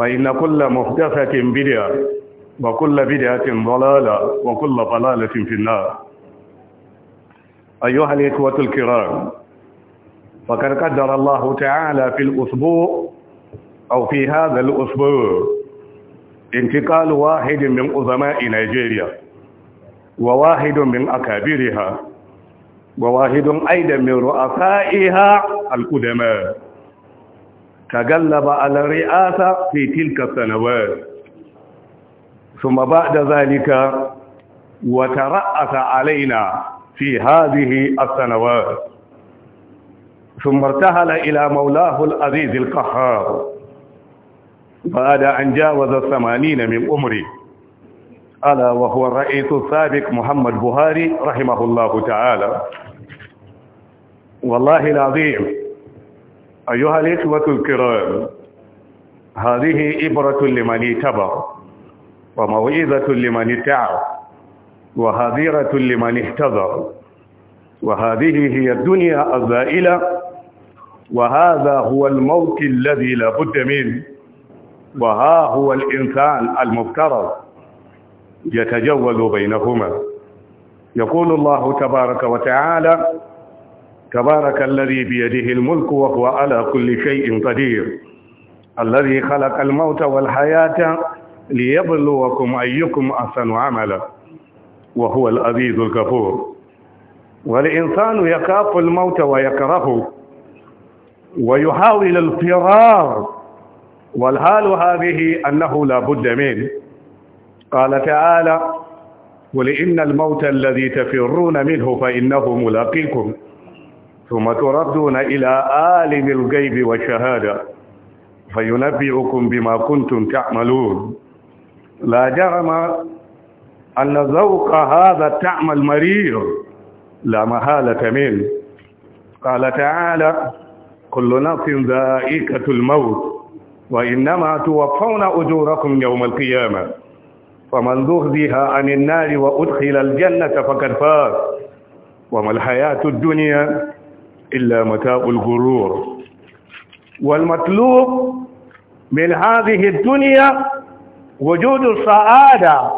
فإن كل محدثة بدعة وكل بدعة ضلالة وكل ضلالة في النار أيها الإخوة الكرام فقد قدر الله تعالى في الأسبوع أو في هذا الأسبوع انتقال واحد من عظماء نيجيريا وواحد من أكابرها وواحد أيضا من رؤسائها القدماء تغلب على الرئاسة في تلك السنوات ثم بعد ذلك وترأس علينا في هذه السنوات ثم ارتهل إلى مولاه العزيز القهار بعد أن جاوز الثمانين من عمره ألا وهو الرئيس السابق محمد بهاري رحمه الله تعالى والله العظيم أيها الإخوة الكرام هذه إبرة لمن اتبع وموعظة لمن اتعب وهذيرة لمن احتذر وهذه هي الدنيا الزائلة وهذا هو الموت الذي لا بد منه وها هو الإنسان المفترض يتجول بينهما يقول الله تبارك وتعالى تبارك الذي بيده الملك وهو على كل شيء قدير الذي خلق الموت والحياة ليبلوكم أيكم أحسن عملا وهو العزيز الكفور والإنسان يخاف الموت ويكرهه ويحاول الفرار والحال هذه أنه لا بد منه قال تعالى قل إن الموت الذي تفرون منه فإنه ملاقيكم ثم تردون إلى عالم الغيب والشهادة فينبئكم بما كنتم تعملون لا جرم أن ذوق هذا التعم المرير لا محالة منه قال تعالى كل نفس ذائقة الموت وإنما توفون أجوركم يوم القيامة فمن زهزها عن النار وأدخل الجنة فقد فاز وما الحياة الدنيا إلا متاع الغرور والمطلوب من هذه الدنيا وجود السعادة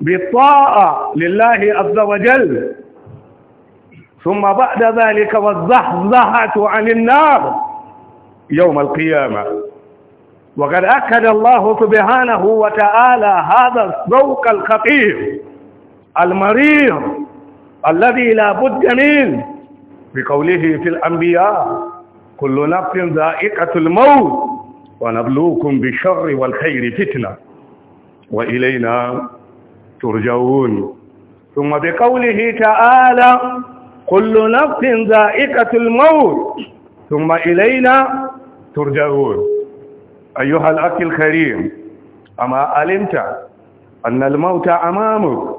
بالطاعة لله عز وجل ثم بعد ذلك والزحزحة عن النار يوم القيامة وقد أكد الله سبحانه وتعالى هذا الذوق الخطير المريض الذي لا بد منه بقوله في الأنبياء كل نفس ذائقة الموت ونبلوكم بالشر والخير فتنة وإلينا ترجعون ثم بقوله تعالى كل نفس ذائقة الموت ثم إلينا ترجعون أيها الأخ الكريم أما علمت أن الموت أمامك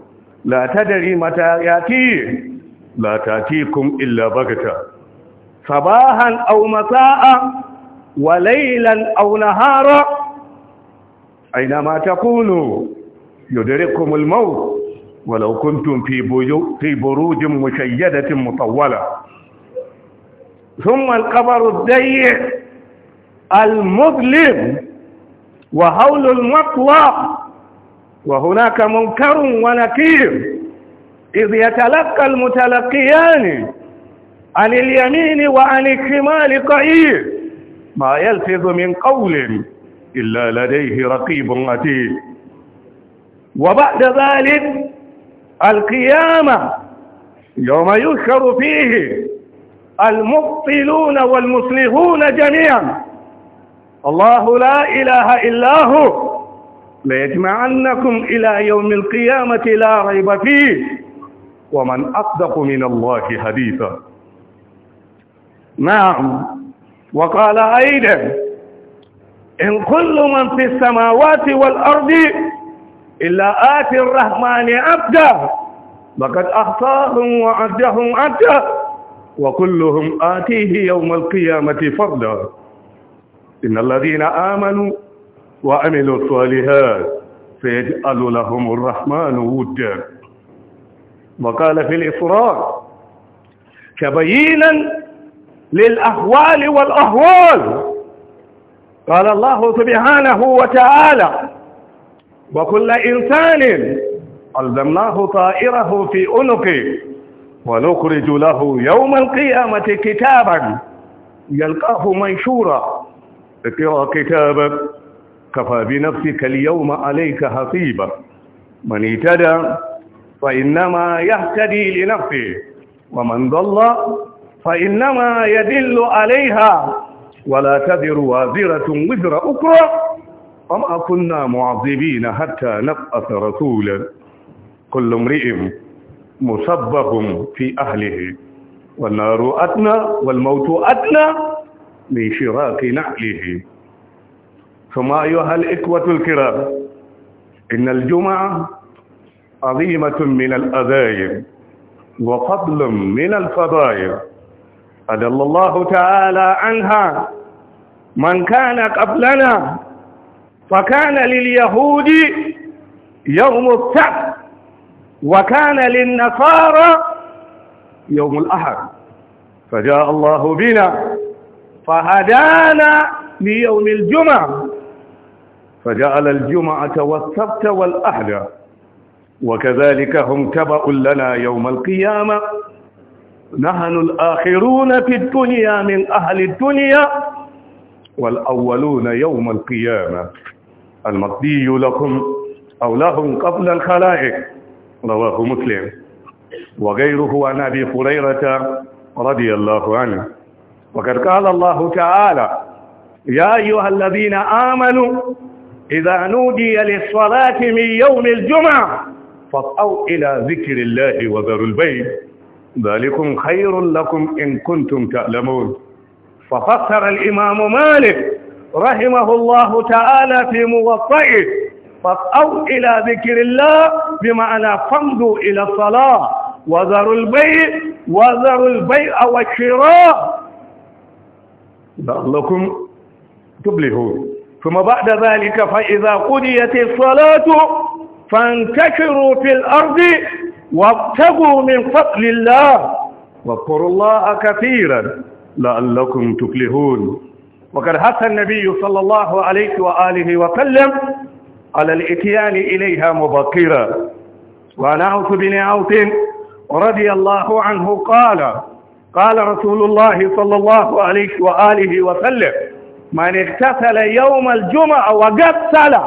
لا تدري متى يأتيه لا تاتيكم الا بغته صباحا او مساء وليلا او نهارا اينما تكونوا يدرككم الموت ولو كنتم في في بروج مشيده مطوله ثم القبر الضيق المظلم وهول المطلق وهناك منكر ونكير إذ يتلقى المتلقيان عن اليمين وعن الشمال قعيد ما يلفظ من قول إلا لديه رقيب عتيد وبعد ذلك القيامة يوم يشهر فيه المبطلون والمصلحون جميعا الله لا إله إلا هو ليجمعنكم إلى يوم القيامة لا ريب فيه ومن أصدق من الله حديثا نعم وقال أيضا إن كل من في السماوات والأرض إلا آتي الرحمن عبدا لقد أحصاهم وعدهم عدا وكلهم آتيه يوم القيامة فردا إن الذين آمنوا وعملوا الصالحات سيجعل لهم الرحمن ودا وقال في الإصرار تبيينا للأهوال والأهوال قال الله سبحانه وتعالى وكل إنسان ألزمناه طائره في أنقه ونخرج له يوم القيامة كتابا يلقاه منشورا اقرأ كتابك كفى بنفسك اليوم عليك حصيبا من اهتدى فإنما يهتدي لنفسه ومن ضل فإنما يدل عليها ولا تذر وازرة وزر أخرى وما كنا معذبين حتى نبعث رسولا كل امرئ مسبب في أهله والنار أدنى والموت أدنى من شراك نعله ثم أيها الإخوة الكرام إن الجمعة عظيمة من الأذايب وفضل من الفضائل أدل الله تعالى عنها من كان قبلنا فكان لليهود يوم السبت وكان للنصارى يوم الأحد فجاء الله بنا فهدانا ليوم الجمعة فجعل الجمعة والسبت والأحد وكذلك هم تبع لنا يوم القيامة نحن الآخرون في الدنيا من أهل الدنيا والأولون يوم القيامة المقدي لكم أو لهم قبل الخلائق رواه مسلم وغيره عن أبي هريرة رضي الله عنه وقد قال الله تعالى يا أيها الذين آمنوا إذا نودي للصلاة من يوم الجمعة فاسعوا إلى ذكر الله وذروا البيع ذلكم خير لكم إن كنتم تعلمون ففسر الإمام مالك رحمه الله تعالى في موطئه فاسعوا إلى ذكر الله بمعنى فامضوا إلى الصلاة وذروا البيع وذروا البيع والشراء لعلكم تبلغون ثم بعد ذلك فإذا قضيت الصلاة فانتشروا في الأرض وابتغوا من فضل الله واذكروا الله كثيرا لعلكم تفلحون وقد حث النبي صلى الله عليه وآله وسلم على الاتيان إليها مبكرا وعن عوف بن عوف رضي الله عنه قال قال رسول الله صلى الله عليه وآله وسلم من اغتسل يوم الجمعة وقد سلم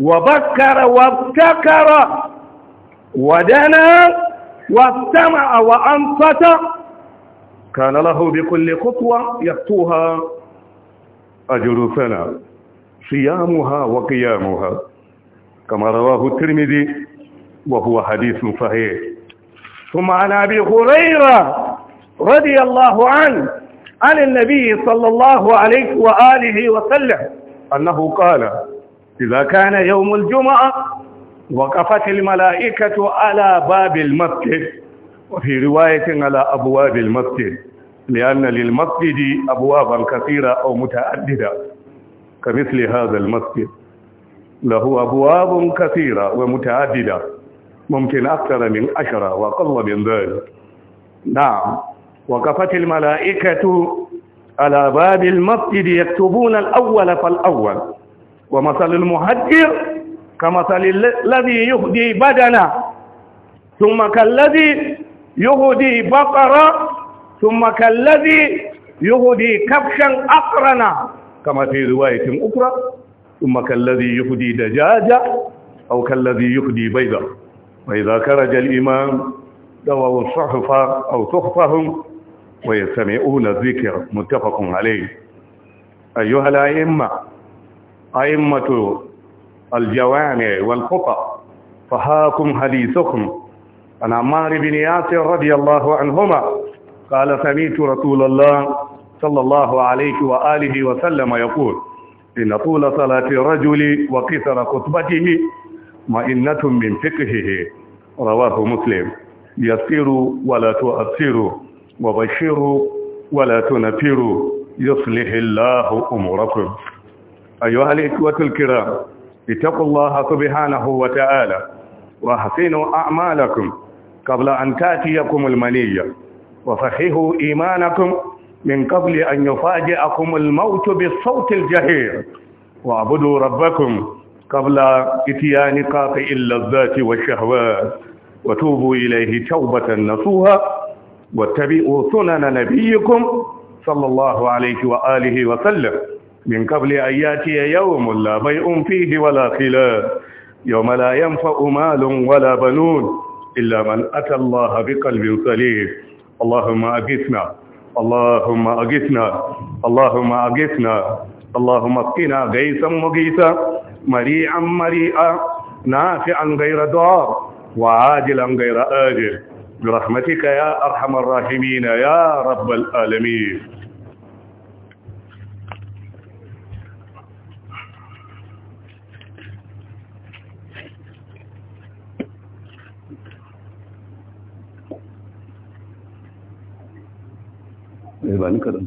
وبكر وابتكر ودنا واستمع وأنصت كان له بكل خطوة يخطوها أجر سنة صيامها وقيامها كما رواه الترمذي وهو حديث صحيح ثم عن أبي هريرة رضي الله عنه عن النبي صلى الله عليه وآله وسلم أنه قال إذا كان يوم الجمعة وقفت الملائكة على باب المسجد وفي رواية على أبواب المسجد لأن للمسجد أبوابا كثيرة أو متعددة كمثل هذا المسجد له أبواب كثيرة ومتعددة ممكن أكثر من عشرة وأقل من ذلك نعم وقفت الملائكة على باب المسجد يكتبون الأول فالأول ومثل المهجر كمثل الذي يهدي بدنا ثم كالذي يهدي بقرة ثم كالذي يهدي كبشا أقرنا كما في رواية أخرى ثم كالذي يهدي دجاجة أو كالذي يهدي بيضة وإذا خرج الإمام دووا الصحف أو تخفهم ويستمعون الذكر متفق عليه أيها الأئمة أئمة الجوامع والخطأ فهاكم حديثكم عن عمار بن ياسر رضي الله عنهما قال سمعت رسول الله صلى الله عليه وآله وسلم يقول إن طول صلاة الرجل وقصر خطبته مئنة من فقهه رواه مسلم يسروا ولا تؤثروا وبشروا ولا تنفروا يصلح الله أموركم أيها الإخوة الكرام اتقوا الله سبحانه وتعالى وحسنوا أعمالكم قبل أن تأتيكم المنية وصححوا إيمانكم من قبل أن يفاجئكم الموت بالصوت الجهير واعبدوا ربكم قبل اتيان قاطع اللذات والشهوات وتوبوا إليه توبة نصوها واتبعوا سنن نبيكم صلى الله عليه وآله وسلم من قبل أن ياتي يوم لا بيء فيه ولا خلاف يوم لا ينفع مال ولا بنون إلا من أتى الله بقلب سليم اللهم أقثنا اللهم أقثنا اللهم أقثنا اللهم أقثنا غيثا مغيثا مريعا مريعا نافعا غير دار وعاجلا غير آجل برحمتك يا أرحم الراحمين يا رب العالمين ba ni kaɗan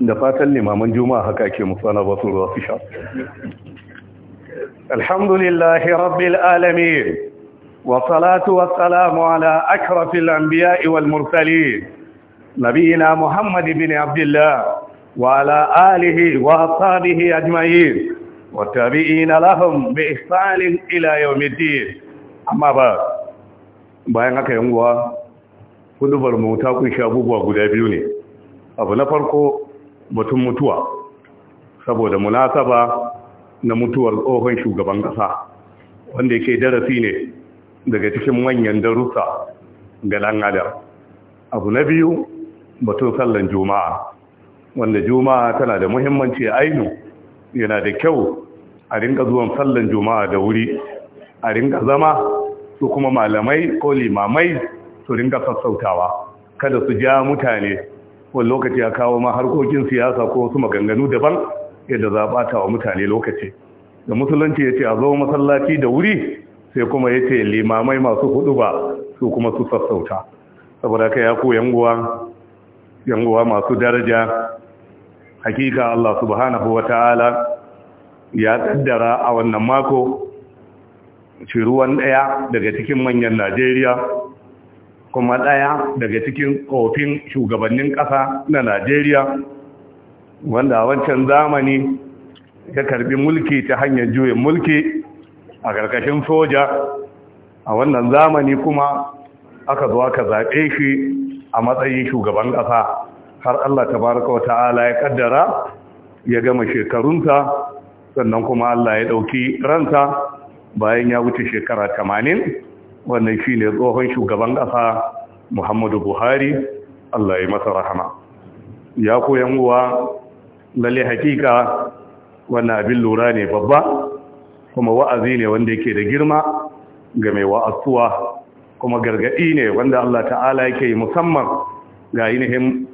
da fatan limaman juma'a haka ke musana ba su ruwa su sha alhamdulillahi rabbil alamin wa salatu wa salamu ala akrafil anbiya'i wal mursali nabiyina muhammad ibn abdullah wa ala alihi wa ashabihi ajma'in والتابعين لهم بإحسان إلى يوم الدين أما بعد bayan haka yan uwa hudubar mu ta kunshi abubuwa guda biyu ne abu na farko batun mutuwa saboda munasaba na mutuwar tsohon shugaban kasa wanda yake darasi ne daga cikin manyan darussa ga dan abu na biyu batun sallan juma'a wanda juma'a tana da muhimmanci ainu yana da kyau a rinka zuwan sallan juma'a da wuri a rinka zama su kuma malamai ko limamai su rinka sassautawa kada su ja mutane wani lokaci ya kawo ma harkokin siyasa ko wasu maganganu daban yadda za bata wa mutane lokaci da musulunci ya ce a zo masallaci da wuri sai kuma ya ce limamai masu hudu ba su kuma su sassauta saboda ka ya ku yanguwa masu daraja hakika Allah subhanahu wa ta'ala ya tsaddara a wannan mako ci ruwan daya daga cikin manyan Najeriya kuma ɗaya daga cikin kofin shugabannin ƙasa na Najeriya wanda a wancan zamani ya karbi mulki ta hanyar juyin mulki a ƙarƙashin soja a wannan zamani kuma aka zo aka zaɓe shi a matsayin shugaban ƙasa har Allah tabaraka wa ta'ala ya kaddara ya gama shekarunsa sannan kuma Allah ya dauki ransa bayan ya wuce shekara 80 wannan shine tsohon shugaban ƙasa Muhammadu Buhari Allah ya masa rahama ya koyan uwa lalle hakika wannan abin lura ne babba kuma wa'azi ne wanda yake da girma ga mai wa'azuwa kuma gargaɗi ne wanda Allah ta'ala yake musamman ga ainihin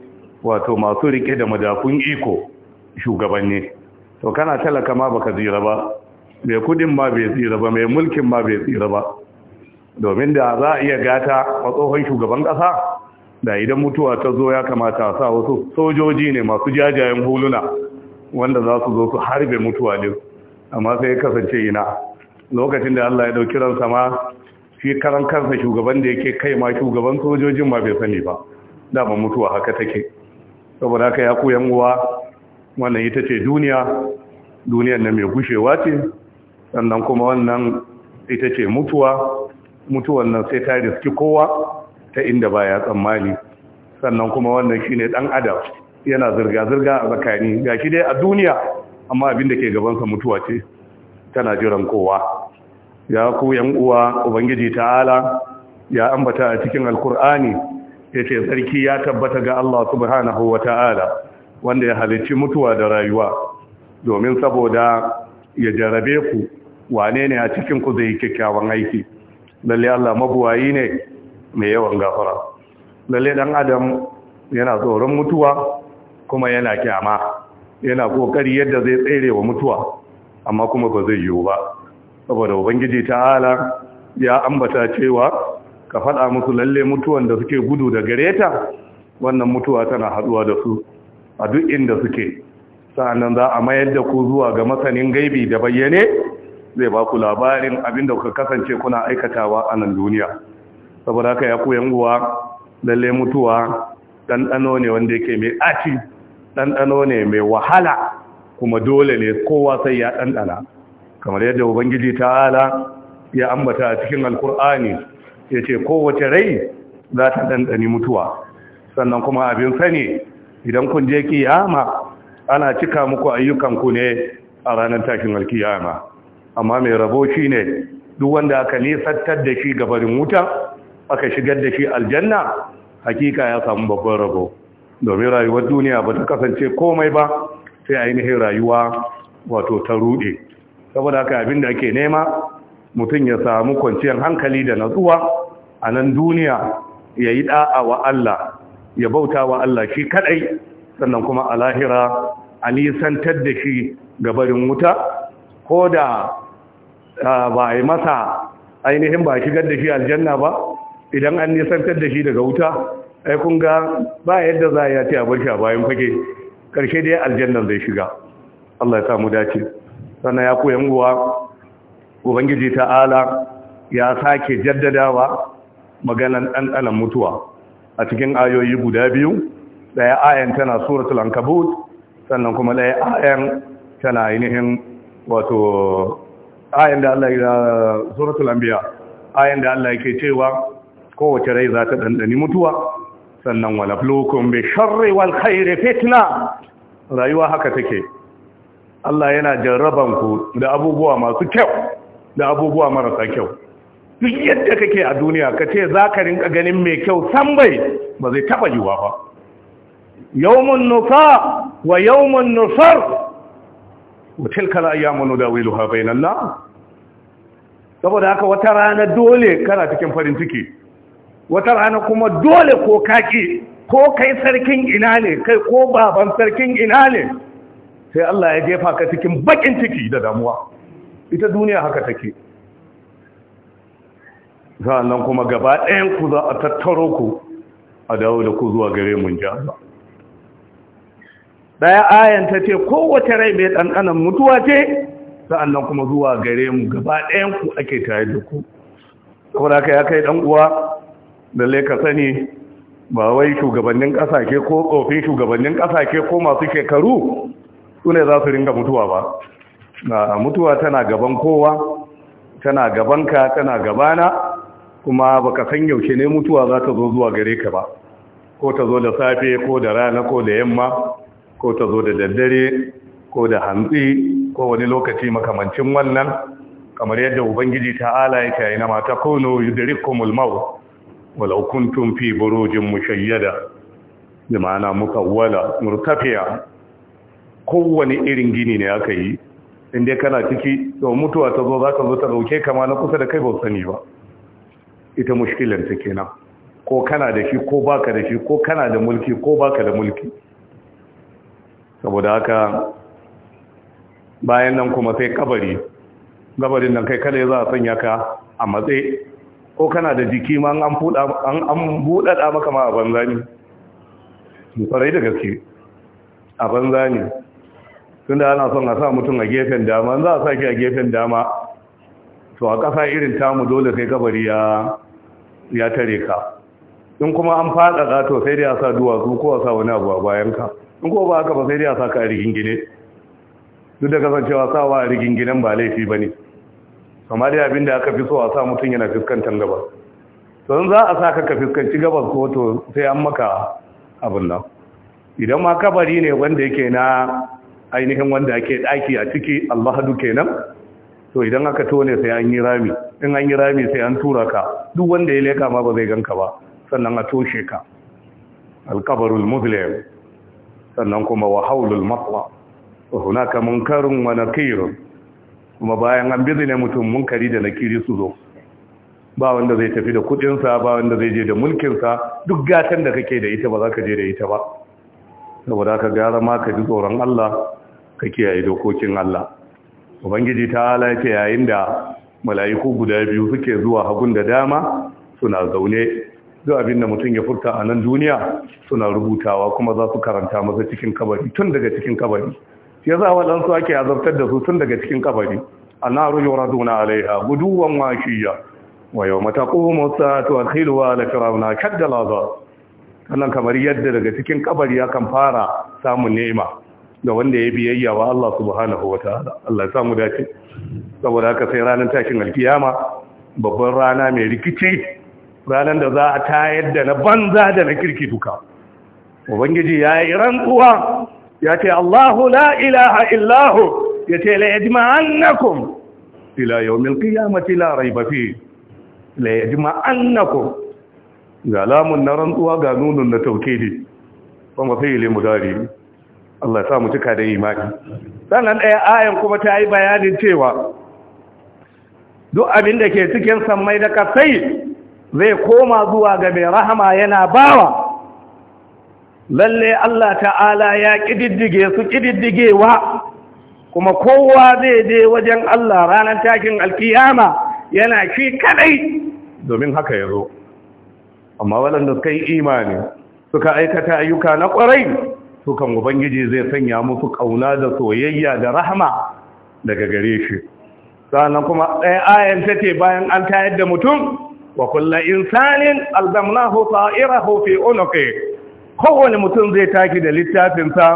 wato masu rike da madafun iko shugabanni to kana talaka ma baka zira ba mai kudin ma bai tsira ba mai mulkin ma bai tsira ba domin da za a iya gata a tsohon shugaban ƙasa da idan mutuwa ta zo ya kamata sa wasu sojoji ne masu jajayen huluna wanda za su zo su harbe mutuwa ne amma sai ya kasance ina lokacin da Allah ya ɗauki ransa ma shi karan kansa shugaban da yake kai ma shugaban sojojin ma bai sani ba dama mutuwa haka take saboda haka ya koyan uwa wannan ita ce duniya duniyar na mai gushewa ce sannan kuma wannan ita ce mutuwa mutuwan nan sai ta riski kowa ta inda ba ya tsammani sannan kuma wannan shine dan adam yana zirga zirga a zakani gashi dai a duniya amma abin da ke gabansa mutuwa ce tana jiran kowa ya koyan uwa ubangiji ta'ala ya ambata a cikin alkur'ani yace sarki ya tabbata ga Allah subhanahu ta'ala wanda ya halicci mutuwa da rayuwa domin saboda ya jarabe ku wane ne a cikin ku zai kyakkyawan aiki lalle Allah mabuwayi ne mai yawan gafara lalle dan adam yana tsoron mutuwa kuma yana kyama yana kokari yadda zai tsere wa mutuwa amma kuma ba zai yiwu ba saboda ubangiji ta'ala ya ambata cewa ka faɗa musu lalle mutuwan da suke gudu da gareta, wannan mutuwa tana haɗuwa da su a duk inda suke sa'annan za a mayar da ku zuwa ga masanin gaibi da bayyane zai ba ku labarin abin da kuka kasance kuna aikatawa a nan duniya saboda haka ya koyan uwa lalle mutuwa ɗanɗano ne wanda yake mai ɗaci ɗanɗano ne mai wahala kuma dole ne kowa sai ya ɗanɗana kamar yadda ubangiji ta'ala ya ambata a cikin alkur'ani ya ce kowace rai za ta ɗanɗani mutuwa sannan kuma abin sani idan kun je kiyama ana cika muku ayyukanku ne a ranar tashin alkiyama amma mai rabo shi ne duk wanda aka nisattar da shi gabarin wuta aka shigar da shi aljanna hakika ya samu babban rabo domin rayuwar duniya ba ta kasance komai ba sai ainihin rayuwa wato ta rude saboda haka abin da ake nema mutum ya samu kwanciyar hankali da natsuwa a nan duniya ya yi da'a wa Allah ya bauta wa Allah shi kadai sannan kuma a lahira a nisantar da shi gabarin wuta ko da ba a yi masa ainihin ba shigar da shi aljanna ba idan an nisantar da shi daga wuta ai kun ga ba yadda za a yi ta bar shi a bayan fage karshe dai aljannan zai shiga Allah ya samu dace sannan ya koyan guwa ubangiji ta'ala ya sake jaddadawa maganan ɗanɗanan mutuwa a cikin ayoyi guda biyu ɗaya ayan tana suratul ankabut sannan kuma ɗaya ayan tana ainihin wato ayan da Allah ya suratul anbiya ayan da Allah yake cewa kowace rai za ta ɗanɗani mutuwa sannan wala flukun bai sharri wal khairi fitna rayuwa haka take Allah yana jarraban ku da abubuwa masu kyau da abubuwa marasa kyau duk yadda kake a duniya ka ce za ka rinka ganin mai kyau san bai ba zai taɓa yiwa ba yawmun nufa wa yawmun nufar kala manu da wilu nudawiluha bainan na. saboda haka wata rana dole kana cikin farin ciki wata rana kuma dole ko kaki ko kai sarkin ina ne kai ko baban sarkin ina ne sai Allah ya jefa ka cikin bakin ciki da damuwa ita duniya haka take sa'annan kuma gaba ɗayan ku za a tattaro ku a dawo da ku zuwa gare mun ji Allah daya ayanta ce kowace rai mai ɗanɗanan mutuwa ce sa'annan kuma zuwa gare mu gaba ɗayan ku ake tare da ku saboda ka ya kai ɗan uwa da ka sani ba wai shugabannin ƙasashe ko tsofin shugabannin ƙasashe ko masu shekaru su ne za su ringa mutuwa ba Ah, mutuwa tana gaban kowa tana gabanka tana gabana kuma baka san yaushe ne mutuwa za ta zo zuwa gare ka ba ko ta zo da safe ko da rana ko da yamma ko ta zo da daddare ko da hantsi ko wani lokaci makamancin wannan kamar yadda ubangiji ta'ala ya yi na mata kono yudrikumul maut walau kuntum fi burujin mushayyada bi ma'ana mukawwala murtafiya kowane irin gini ne aka yi inda kana ciki to mutuwa ta zo za ta zo ta dauke kama na kusa da kai ba sani ba ita mushkilar ta kenan ko kana da shi ko baka da shi ko kana da mulki ko baka da mulki saboda haka bayan nan kuma sai kabari gabarin nan kai kada za a sanya ka a matse ko kana da jiki ma an buɗaɗa maka ma a banza ne farai da gaske a banza ne tunda ana son a sa mutum a gefen dama za a sake a gefen dama to a ƙasa irin tamu dole sai kabari ya tare ka in kuma an faɗaɗa to sai dai a sa duwatsu ko a sa wani abu a bayanka in ko ba haka ba sai dai a sa ka a rigingine duk da kasancewa sa wa a riginginen ba laifi ba ne amma dai abinda aka fi so a sa mutum yana fuskantar gaba to za a sa ka ka fuskanci gabas ko to sai an maka abin nan idan ma kabari ne wanda yake na ainihin wanda ake daki a ciki allahadu kenan to idan aka tone sai an yi rami in an yi rami sai an tura ka duk wanda ya leka ma ba zai ganka ba sannan a toshe ka alkabarul muslim sannan kuma wa haulul matla wa hunaka munkarun wa nakirun kuma bayan an ne mutum munkari da nakiri su zo ba wanda zai tafi da kudinsa ba wanda zai je da mulkinsa duk gatan da kake da ita ba za ka je da ita ba saboda ka gara ma ka ji tsoron Allah ka kiyaye dokokin Allah ubangiji ta halace yayin da mala'iku guda biyu suke zuwa hagun da dama suna zaune zuwa abin da mutum ya furta a nan duniya suna rubutawa kuma za su karanta masa cikin kabari tun daga cikin kabari ya za waɗansu ake azabtar da su tun daga cikin kabari annaru yuraduna alaiha guduwan washiya wa yawma kamar yadda daga cikin kabari ya kan fara samun nema. Da wanda ya biyayya wa Allah subhanahu wa ta'ala Allah ya samu dace saboda haka sai ranar tashin alkiyama babban rana mai rikici ranar da za a tayar da na banza da na kirki duka ubangiji ya yi rantsuwa ya ce Allahu la ilaha illahu ya ce la yajma'annakum ila yawmil qiyamati la rayba fi la yajma'annakum ga lamun na rantsuwa ga nunun na tawkidi kuma fi'il mudari Allah ya sa mu cika da imani sannan ɗaya ayan kuma ta yi bayanin cewa duk abin da ke cikin sammai da kasai zai koma zuwa ga mai rahama yana bawa lalle Allah ta'ala ya ƙididdige su ƙididdigewa kuma kowa zai je wajen Allah ranar takin alkiyama yana shi kadai domin haka ya zo amma waɗanda suka yi imani suka aikata ayyuka na ƙwarai sukan ubangiji zai sanya musu kauna da soyayya da rahama daga gare shi sannan kuma ɗaya ayan ta ce bayan an tayar da mutum wa kulla insanin alzamnahu sa'irahu fi onoke, kowane mutum zai taki da littafinsa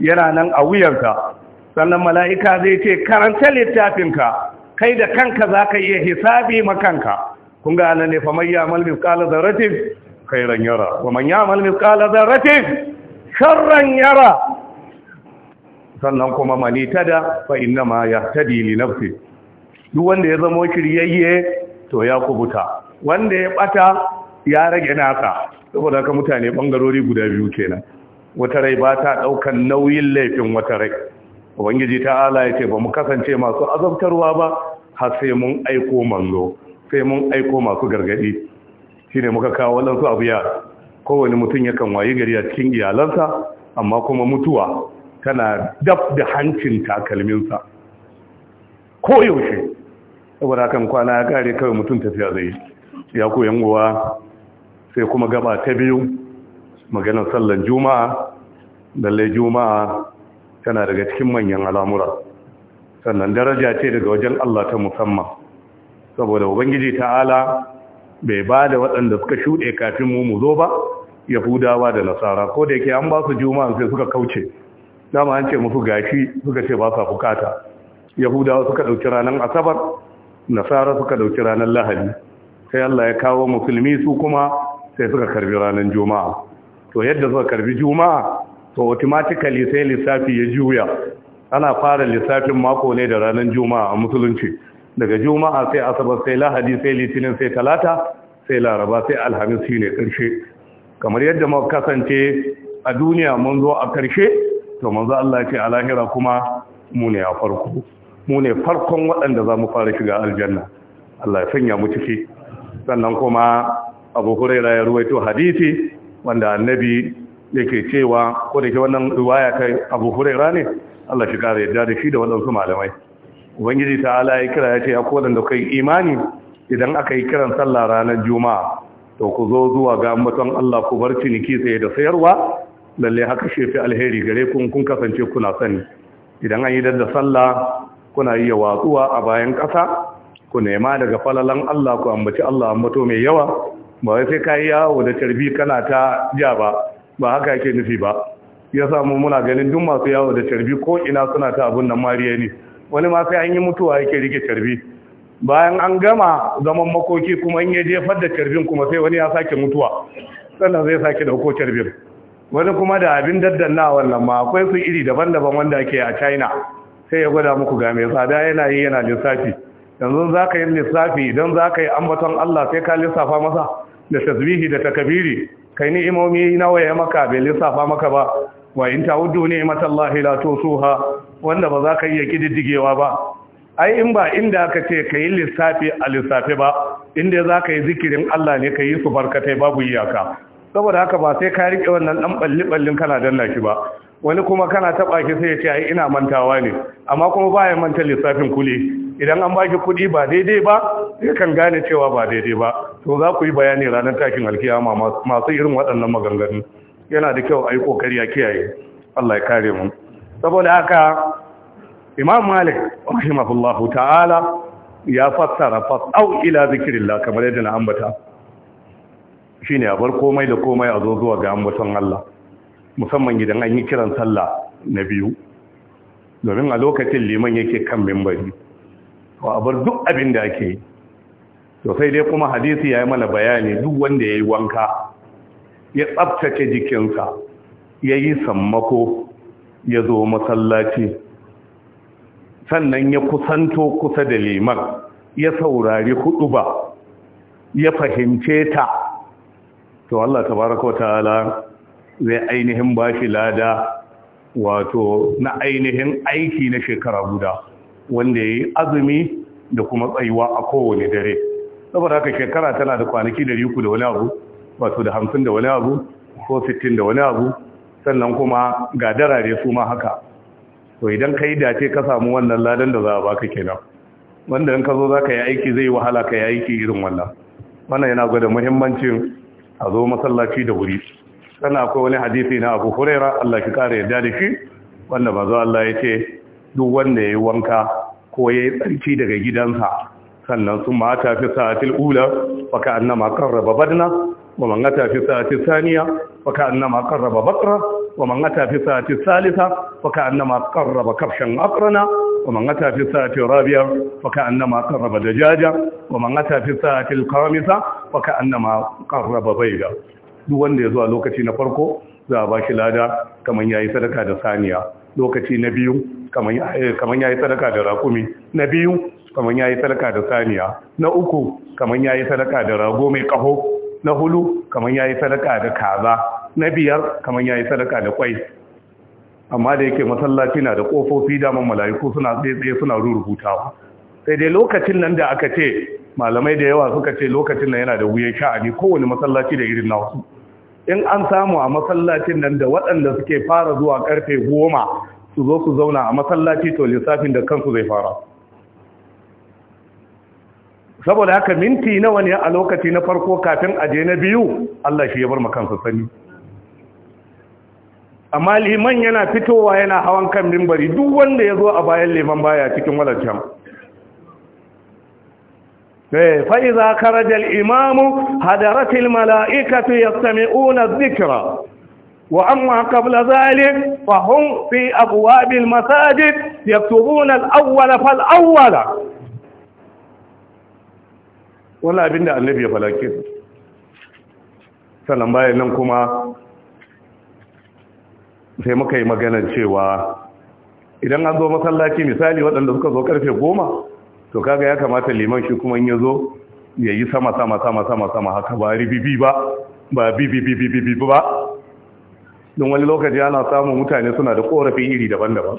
yana nan a wuyarta. sannan mala'ika zai ce karanta littafinka kai da kanka za ka iya hisabi makanka kun gane ne famayya mal ya'mal sharran yara sannan kuma manita da fa inna ma yahtadi li nafsi duk wanda ya zama shiryayye to ya kubuta wanda ya bata ya rage nasa saboda ka mutane bangarori guda biyu kenan wata rai ba ta daukan nauyin laifin wata rai ubangiji ta'ala ya ce ba mu kasance masu azabtarwa ba har sai mun aiko manzo sai mun aiko masu gargadi shine muka kawo wannan su abu kowane mutum yakan wayi gari a cikin iyalansa amma kuma mutuwa tana daf da hancin takalminsa ko yaushe saboda hakan kwana ya kare kawai mutum tafiya zai ya koyan uwa sai kuma gaba ta biyu maganar sallan juma'a lallai juma'a tana daga cikin manyan al'amura sannan daraja ce daga wajen Allah ta musamman saboda ubangiji ta'ala bai ba da waɗanda suka shuɗe kafin mu mu zo ba yahudawa da nasara ko da yake an ba su juma'a sai suka kauce dama an ce musu gashi suka ce ba sa bukata yahudawa suka dauki ranar asabar nasara suka dauki ranar lahadi sai Allah ya kawo musulmi su kuma sai suka karbi ranar juma'a to yadda suka karbi juma'a to automatically sai lissafi ya juya ana fara lissafin mako ne da ranar juma'a a musulunci daga juma'a sai asabar sai lahadi sai litinin sai talata sai laraba sai alhamis shine karshe kamar yadda mu kasance a duniya mun zo a karshe to manzo Allah ce a lahira kuma mu ne a farko mu ne farkon waɗanda za mu fara shiga aljanna Allah ya sanya mu ciki sannan kuma Abu Hurairah ya ruwaito hadisi wanda annabi yake cewa ko da ke wannan riwaya kai, Abu Hurairah ne Allah shi kare yadda da shi da waɗansu malamai ubangiji ta ya kira ya ce ya ko da kai imani idan aka yi kiran sallah ranar juma'a to ku zo zuwa ga ambaton Allah ku bar ciniki tsaye da sayarwa lalle haka shefi alheri gare kun kun kasance kuna sani idan an yi da sallah kuna iya watsuwa a bayan ƙasa ku nema daga falalan Allah ku ambaci Allah ambato mai yawa ba wai sai kai yawo da tarbi kana ta ja ba ba haka yake nufi ba ya samu muna ganin duk masu yawo da tarbi ko ina suna ta abun nan mariya ne wani ma sai an yi mutuwa yake rike tarbi bayan an gama zaman makoki kuma in ya jefar da carbin kuma sai wani ya sake mutuwa sannan zai sake dauko carbin wani kuma da abin daddanna wannan ma akwai su iri daban-daban wanda ake a china sai ya gwada muku game, tsada yana yi yana lissafi yanzu za ka yi lissafi idan za ka yi ambaton allah sai ka lissafa masa da tasbihi da takabiri kai ni imomi nawa ya maka bai lissafa maka ba wa in ta ta'uddu ni'matallahi la tusuha wanda ba za ka iya kididdigewa ba ai in ba inda aka ce ka yi lissafi a lissafi ba inda za ka yi zikirin Allah ne ka yi su barkatai babu iyaka saboda haka ba sai ka riƙe wannan ɗan ɓalli-ɓallin kana danna shi ba wani kuma kana taɓa ki sai ya ce ai ina mantawa ne amma kuma ba ya manta lissafin kuɗi idan an baki kuɗi ba daidai ba sai kan gane cewa ba daidai ba to za ku yi bayani ranar takin alkiyama masu irin waɗannan maganganu yana da kyau a yi ƙoƙari a kiyaye Allah ya kare mu saboda haka imam malik rahimahullahu ta'ala ya fassara fasau ila zikirillah kamar yadda na ambata shine a bar komai da komai a zo zuwa ga ambaton Allah musamman idan an yi kiran sallah na biyu domin a lokacin liman yake kan mimbari to a bar duk abin da ake yi to sai dai kuma hadisi ya yi mana bayani duk wanda yayi wanka ya tsaftace jikinsa yayi sammako ya zo masallaci sannan ya kusanto kusa da liman ya saurari hudu ba ya fahimce ta to Allah tabaraka ta'ala zai ainihin bashi lada wato na ainihin aiki na shekara guda wanda ya yi azumi da kuma tsayuwa a kowane dare saboda haka shekara tana da kwanaki da riku da wani abu wato da hamsin da wani abu ko sittin da wani abu sannan kuma ga darare su ma haka to idan ka yi dace ka samu wannan ladan da za a baka kenan wanda in ka zo za ka yi aiki zai wahala ka yi aiki irin wannan wannan yana gwada muhimmancin a zo masallaci da wuri sannan akwai wani hadisi na abu huraira Allah ki kare yarda da shi wanda mazo Allah ya ce duk wanda ya yi wanka ko ya yi tsarki daga gidansa sannan sun mata fi sa'atil ula baka annama qarraba badna ومن أتى في الساعة الثانية فكأنما قرب بقرة ومن أتى في الساعة الثالثة فكأنما قرب كبشا أقرنا ومن أتى في الساعة الرابعة فكأنما قرب دجاجة ومن أتى في الساعة الخامسة فكأنما قرب بيضة duk wanda ya zuwa lokaci na farko za a ba lada kamar ya yi sadaka da saniya lokaci na biyu kamar ya yi sadaka da rakumi na biyu kamar ya yi sadaka da saniya na uku kamar ya yi sadaka da rago mai kaho na hulu kamar ya yi sadaka da kaza na biyar kamar ya yi sadaka da kwai amma da yake masallaci na da ƙofofi daman mala'iku suna tsaye suna rurrubutawa sai dai lokacin nan da aka ce malamai da yawa suka ce lokacin nan yana da wuyan sha'ani kowane masallaci da irin nasu in an samu a masallacin nan da waɗanda suke fara zuwa karfe goma su zo su zauna a masallaci to lissafin da kansu zai fara saboda haka minti nawa ne a lokaci na farko kafin a je na biyu Allah shi ya bar mu makansa sani amma liman yana fitowa yana hawan kan minbari duk wanda yazo a bayan liman baya cikin eh fa iza kharaja al imamu hadaratil mala'ikatu yastami'una adh-dhikra wa ya sami'una zikira وأما قبل ذلك فهم masajid yaktubuna al awwala fal awwala wani abin da annabi ya falake sannan bayan nan kuma sai muka yi maganar cewa idan an zo masallaci misali waɗanda suka zo karfe goma to kaga ya kamata liman shi kuma in ya zo ya yi sama sama sama sama sama haka ba ribibi ba ba bibibibibi ba don wani lokaci ana samun mutane suna da korafin iri daban-daban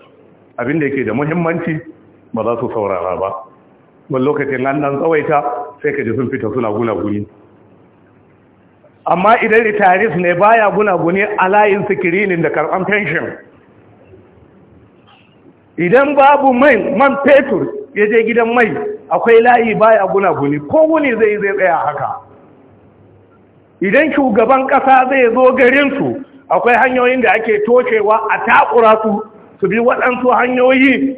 abinda yake da muhimmanci ba za su saurara ba wani lokacin an dan tsawaita sai ka ji sun fita suna gunaguni amma idan retirees ne baya gunaguni a layin sikirinin da karɓan pension idan babu mai man fetur ya je gidan mai akwai layi baya gunaguni ko wuni zai zai tsaya haka idan shugaban ƙasa zai zo garinsu akwai hanyoyin da ake tocewa a takura su su bi waɗansu hanyoyi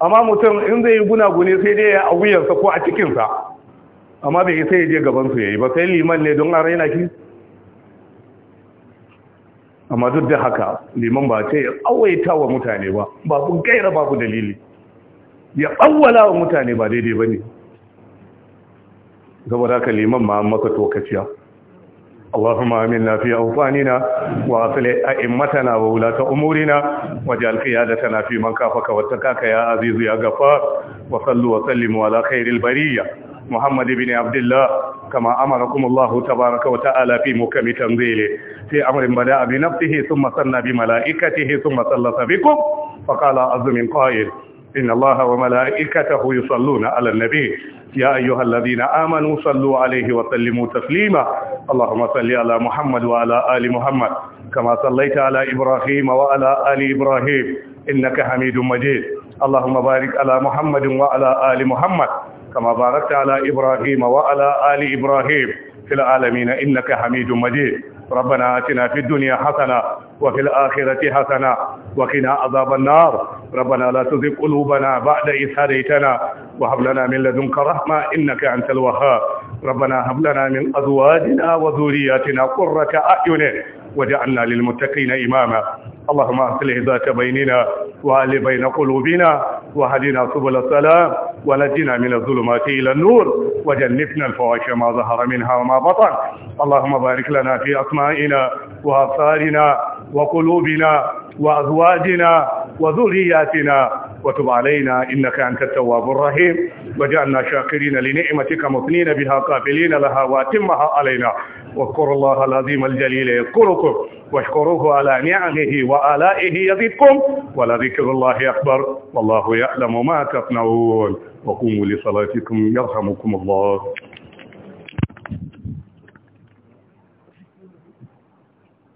amma mutum in zai yi gunaguni sai dai a wuyansa ko a cikinsa amma bai isa ya je gabansu ya yi ba sai liman ne don an raina ki amma duk da haka liman ba ce ya tsawaita wa mutane ba babu gaira babu dalili ya tsawala wa mutane ba daidai ba ne saboda ka liman ma an masa tokaciya اللهم آمنا في أوطاننا وأصلح أئمتنا وولاة أمورنا واجعل قيادتنا في من كافك واتقاك يا عزيز يا غفار وصلوا وسلموا على خير bariya. محمد بن عبد الله كما أمركم الله تبارك وتعالى في مكم تنزيله في أمر بدأ بنفسه ثم صلى بملائكته ثم صلص بكم فقال عز من قائل إن الله وملائكته يصلون على النبي يا أيها الذين آمنوا صلوا عليه وسلموا تسليما اللهم صل على محمد وعلى آل محمد كما صليت على إبراهيم وعلى آل إبراهيم إنك حميد مجيد اللهم بارك على محمد وعلى آل محمد كما باركت على إبراهيم وعلى آل إبراهيم في العالمين إنك حميد مجيد ربنا آتنا في الدنيا حسنة وفي الآخرة حسنة وقنا عذاب النار ربنا لا تزغ قلوبنا بعد إذ هديتنا وهب لنا من لدنك رحمة إنك أنت الوهاب ربنا هب لنا من أزواجنا وذرياتنا قرة أعين وجعلنا للمتقين إماما اللهم أصلح ذات بيننا وألف بين قلوبنا وهدنا سبل السلام ونجنا من الظلمات إلى النور وجنبنا الفواحش ما ظهر منها وما بطن اللهم بارك لنا في أسمائنا وأبصارنا وقلوبنا وأزواجنا وذرياتنا وتب علينا إنك أنت التواب الرحيم وجعلنا شاكرين لنعمتك مثنين بها قابلين لها واتمها علينا واذكروا الله العظيم الجليل يذكركم واشكروه على نعمه وآلائه يزدكم ولذكر الله أكبر والله يعلم ما تصنعون وقوموا لصلاتكم يرحمكم الله